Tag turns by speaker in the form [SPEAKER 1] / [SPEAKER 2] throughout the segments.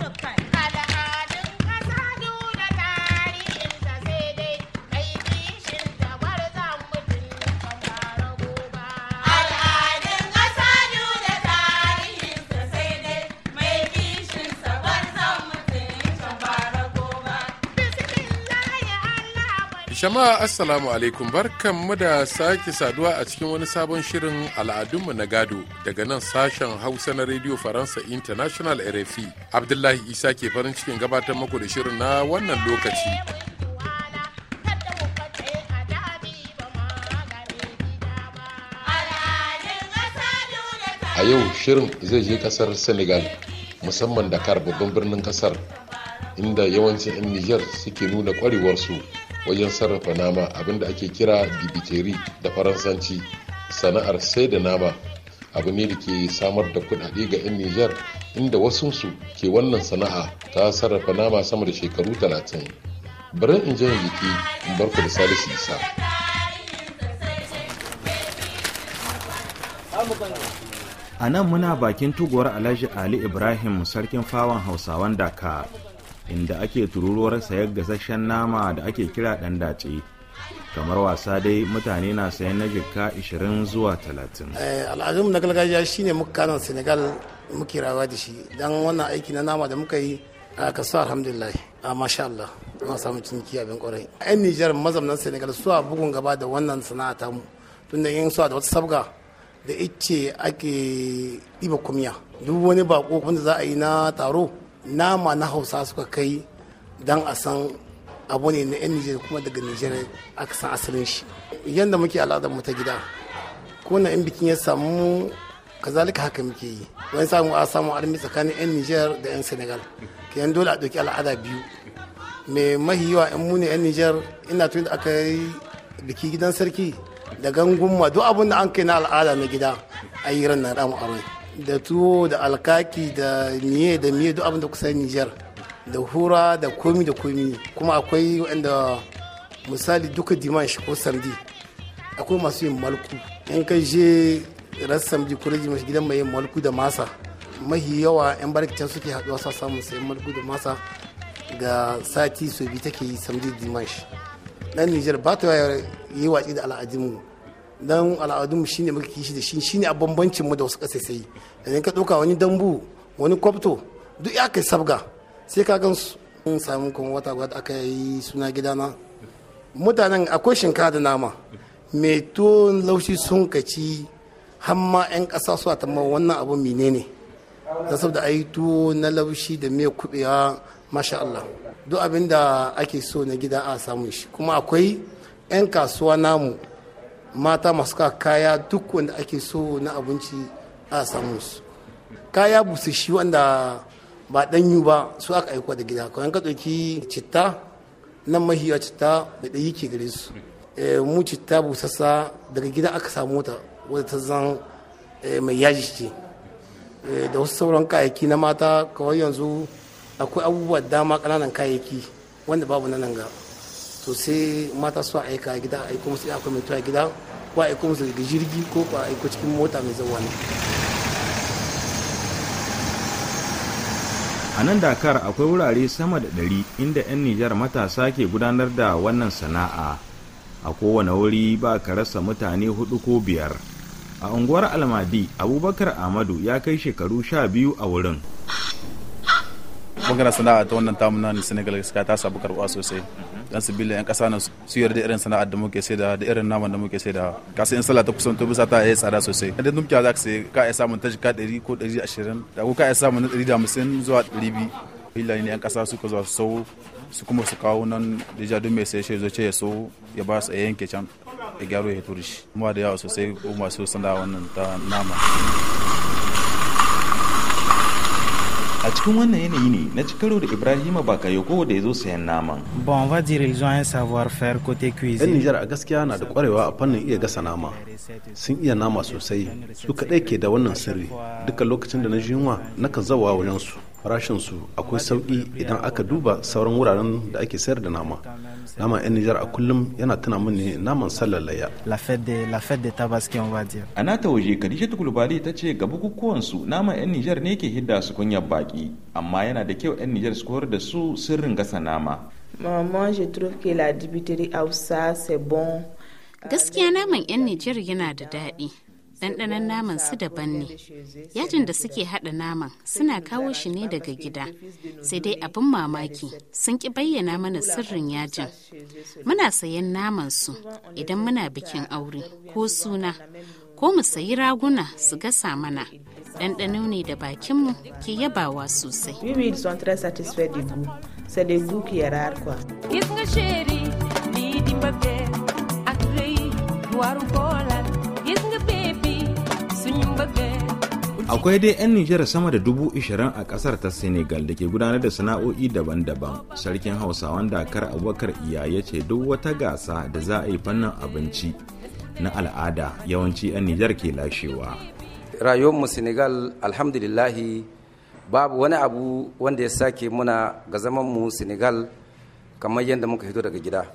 [SPEAKER 1] Stop
[SPEAKER 2] Jama'a Assalamu alaikum barkanmu da sake saduwa a cikin wani sabon shirin al'adunmu na gado daga nan sashen Hausa na Radio Faransa International RFI. Abdullahi Isa ke farin cikin gabatar muku da shirin na wannan lokaci. A yau shirin zai je kasar Senegal musamman Dakar babban birnin kasar inda yawancin 'yan Nijar suke nuna kwarewarsu. wajen sarrafa nama abinda ake kira dibiteri da faransanci sana'ar sai da nama abu ne da ke samar da kudade ga 'yan nijar inda wasunsu ke wannan sana'a ta sarrafa nama sama da shekaru 30 bari in jan jiki in barku da salisu isa
[SPEAKER 3] a nan muna bakin tuguwar alhaji ali ibrahim sarkin fawon hausawan daka inda ake tururuwar sayar gasasshen nama da ake kira ɗan dace kamar wasa dai mutane na sayan na jikka 20 zuwa 30
[SPEAKER 4] eh, al'adun na gargajiya shine muka kanan senegal muke rawa da shi don wannan aiki na nama da muka yi a kasuwa alhamdulillah a masha Allah na samu ciniki abin kwarai yan nijar mazamnan senegal suwa bugun gaba da wannan sana'a ta mu tunda yin suwa da wata sabga da ice ake ɗiba kumya duk wani bako wanda za a yi na taro nama na hausa suka kai don a san abu ne na 'yan nijar kuma daga nijar aka san asalin shi yadda muke al'adar mu ta gida ko na in bikin ya samu kazalika haka muke yi wani samu a samu armi tsakanin 'yan nijar da 'yan senegal y'an dole a ɗauki al'ada biyu mai mahiwa 'yan muni 'yan nijar ina tuni da aka yi biki gidan sarki da gangunma duk abin da an kai na al'ada na gida a yi ran na ramu aure da tuwo da alkaki da miye da miye duk abin da kusa Nijar da hura da komi da komi kuma akwai wanda misali duka dimash ko samdi akwai masu yin malku in kai je rassam ji kuri mashi gidan mai yin malku da masa mahi yawa yan barkicin suke haɗuwa sa samun sayan malku da masa ga sati so bi take yi samdi dimash dan Nijar ba ta yi watsi da al'adunmu dan al'adunmu shine muka kishi da shi shine a bambancin mu da wasu kasaisai idan ka dauka wani dambu wani kwabto duk ya kai sabga sai ka gan su in samu kuma wata gwada aka yi suna gidana mutanen akwai shinkafa da nama mai tuwon laushi sun kaci hamma 'yan ƙasa su a wannan abu ne da saboda ayi tuwo na laushi da mai kubewa masha Allah duk abin da ake so na gida a samu shi kuma akwai 'yan kasuwa namu mata masu ka kaya duk wanda ake so na abinci a samu su kaya busashi wanda ba danyu ba su aka aiko da gida kawai ka ɗauki citta nan mahiya citta da ɗayi ke gare su eh, mu citta busassa daga gida aka samu ta wadda ta zan eh, mai yaji ce eh, da wasu sauran kayayyaki na mata kawai yanzu akwai abubuwa dama ƙananan kayayyaki wanda babu nan ga to sai mata su aika gida a aiko musu akwai mai gida ko a aiko musu daga jirgi ko ko aiko cikin mota mai zauwa ne
[SPEAKER 3] a nan dakar akwai wurare sama da ɗari inda 'yan nijar matasa ke gudanar da wannan sana'a a kowane wuri ba ka rasa mutane hudu ko biyar a unguwar almadi abubakar amadu ya kai shekaru sha biyu a wurin bangaren sana'a ta wannan tamu nan Senegal gaskiya ta sabu karɓuwa sosai dan sibila yan ƙasa na su yarda irin sana'ar da muke sai da da irin naman da muke sai da sai in sallah ta kusanto bisa ta yi tsada sosai idan dumki za ka sai ka yi samun tashi ka 100 ko 120 da ko ka yi samun 150 zuwa 200 ne yan kasa ka zuwa su sau su kuma su kawo nan da jadu mai sai shi zoce ya so ya ba su a yanke can ya gyaro ya turishi kuma da yawa sosai ko masu sanda wannan ta nama a cikin wannan yanayi ne na ci karo da ibrahima bakayoko da ya zo sayan naman bon va dire ils ont un savoir faire côté cuisine yan nijar a gaskiya na da kwarewa a fannin iya gasa nama sun iya nama sosai su kaɗai ke da wannan sirri duka lokacin da na ji yunwa na kan zawa wajen su farashin su akwai sauki idan aka duba sauran wuraren da ake sayar da nama nama yan nijar a kullum yana tuna ne naman sallar layya
[SPEAKER 4] la fête de la fête de tabaski on va dire
[SPEAKER 3] a nata waje Khadijatu kulubali ta ce ga bukukuwan su naman yan nijar ne ke hidda su kunyar baki amma yana da kyau yan nijar su koyar da su sirrin gasa nama maman je trouve que la dibiterie hausa c'est bon
[SPEAKER 4] gaskiya naman yan nijar yana da daɗi ɗanɗanon naman su daban ne yajin da suke haɗa naman suna kawo shi ne daga gida sai dai abin mamaki sun ƙi bayyana mana sirrin yajin muna sayan naman su idan muna bikin aure ko suna ko mu sayi raguna su gasa mana ɗanɗano ne da bakinmu ke yabawa sosai
[SPEAKER 1] Warum
[SPEAKER 3] akwai dai 'yan nijar sama da dubu ishirin a kasar ta senegal da ke gudanar da sana'o'i daban-daban sarkin hausa wanda kar abubakar iya ya ce duk wata gasa da za a yi fannin abinci na al'ada yawanci 'yan nijar ke lashewa
[SPEAKER 1] mu senegal alhamdulillahi babu wani abu wanda ya sake muna ga zaman mu senegal kamar yadda muka fito daga gida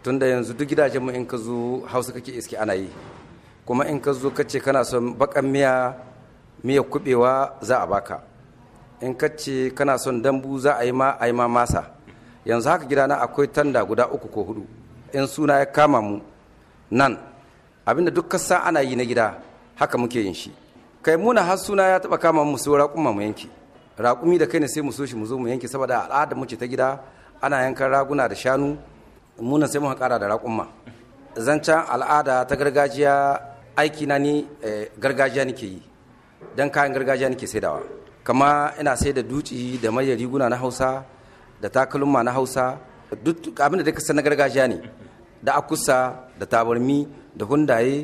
[SPEAKER 1] tunda yanzu duk gidajen mu in ka zo hausa kake iske ana yi kuma in ka zo kace kana son bakan miya miyar kubewa za a baka in ka ce kana son dambu za a yi ma a yi ma masa yanzu haka gidana akwai tanda guda uku ko hudu in suna ya kama mu nan abinda duk kasa ana yi na gida haka muke yin shi kai muna har suna ya taba kama mu su raƙumma mu yanki raƙumi da kai ne sai mu so shi mu zo mu yanki saboda al'ada mu ta gida ana yankan raguna da shanu muna sai mu kara da raƙuma zancen al'ada ta gargajiya aiki na ni eh, gargajiya nake yi don kayan gargajiya nake saidawa kama ina sai da duci da mayar riguna na hausa da takalma na hausa duk abin da duka na gargajiya ne da akusa da tabarmi da hundaye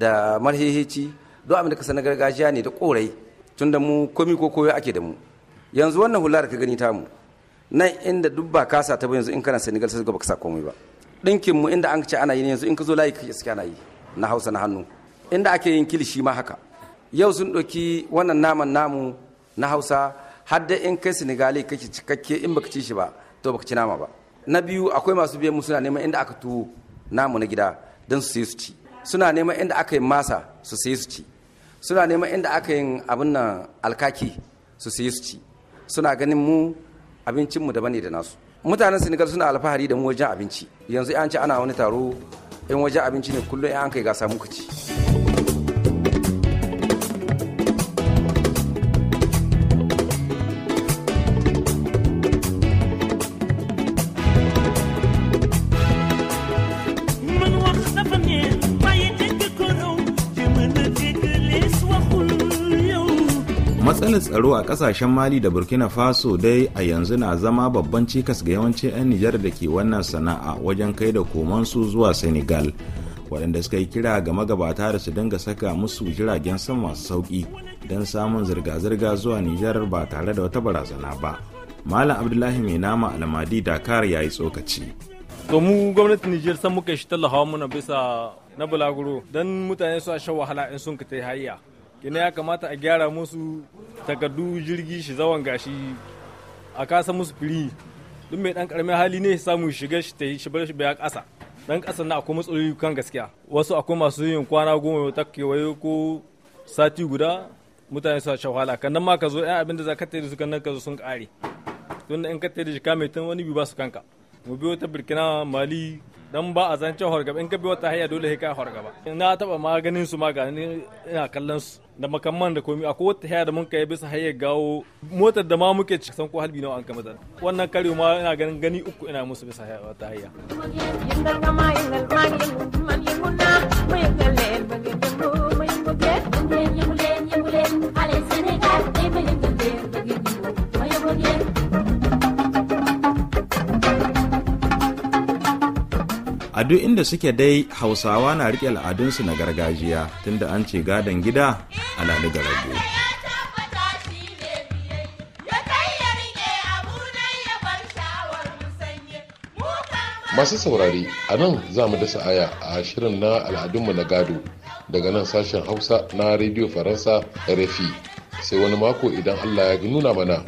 [SPEAKER 1] da marheheci duk abin da ka na gargajiya ne da korai tun da mu komi ko koyo ake da mu yanzu wannan hula da ka gani tamu nan inda duk ba kasa ta yanzu in kana senegal sai ba ka sa komai ba dinkin mu inda an ce ana yi yanzu in ka zo layi ka suke ana yi na hausa na hannu inda ake yin kilishi ma haka yau sun ɗauki wannan naman namu na hausa har da in kai senegali kake cikakke in baka ci shi ba to baka ci nama ba na biyu akwai masu biyan mu suna neman inda aka tuwo namu na gida don su sai su ci suna neman inda aka yi masa su sai su ci suna neman inda aka yi abin nan alkaki su sai su ci suna ganin mu abincinmu daban ne da nasu mutanen senegal suna alfahari da mu wajen abinci yanzu an ci ana wani taro in wajen abinci ne kullum an kai gasa muka ci
[SPEAKER 3] matsalar tsaro a kasashen mali da burkina faso dai a yanzu na zama babban cikas ga yawancin 'yan nijar da ke wannan sana'a wajen kai da komansu zuwa senegal waɗanda suka yi kira ga magabata da su dinga saka musu jiragen sama masu sauƙi don samun zirga-zirga zuwa nijar ba tare da wata barazana ba malam abdullahi mai nama alamadi dakar ya yi tsokaci to mu gwamnatin nijar san muka shi talaha muna bisa na bulaguro don mutane su a shan wahala in sun ka ta hayya kina ya kamata a gyara musu takardu jirgi shi zawan gashi a kasa musu firi duk mai dan karamin hali ne samu shiga shi ta yi shi bar shi baya kasa dan kasa na akwai matsaloli kan gaskiya wasu akwai masu yin kwana goma ta kewaye ko sati guda mutane su sha wahala kan nan ma ka zo ɗaya abin da za ka tare su kan nan ka zo sun kare tun in ka da shi ka mai tun wani bi ba su kanka mu biyo ta burkina mali dan ba a zance horgaba in ka bi wata hanya dole ka horgaba na taba maganin su maganin ina kallon su da makamman da komi akwai wata hanya da mun kai bisa gawo motar da ma muke ci san ko halbi nawa an kama zan wannan kare ma ina ganin gani uku ina musu bisa haya wata haya a duk inda suke dai hausawa na riƙe al'adunsu na gargajiya tunda an ce gadon
[SPEAKER 2] gida a ga masu saurari a nan za mu dasa aya a shirin na al'adunmu na gado daga nan sashen hausa na rediyo faransa rfi sai wani mako idan allah ya nuna mana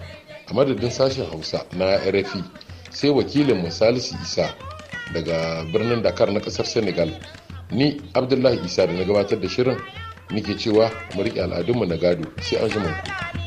[SPEAKER 2] a madadin sashen hausa na rfi sai wakilin salisu isa daga birnin dakar na kasar senegal ni abdullahi isa da na gabatar da shirin nike cewa mu riƙe al'adunmu na gado sai an ku.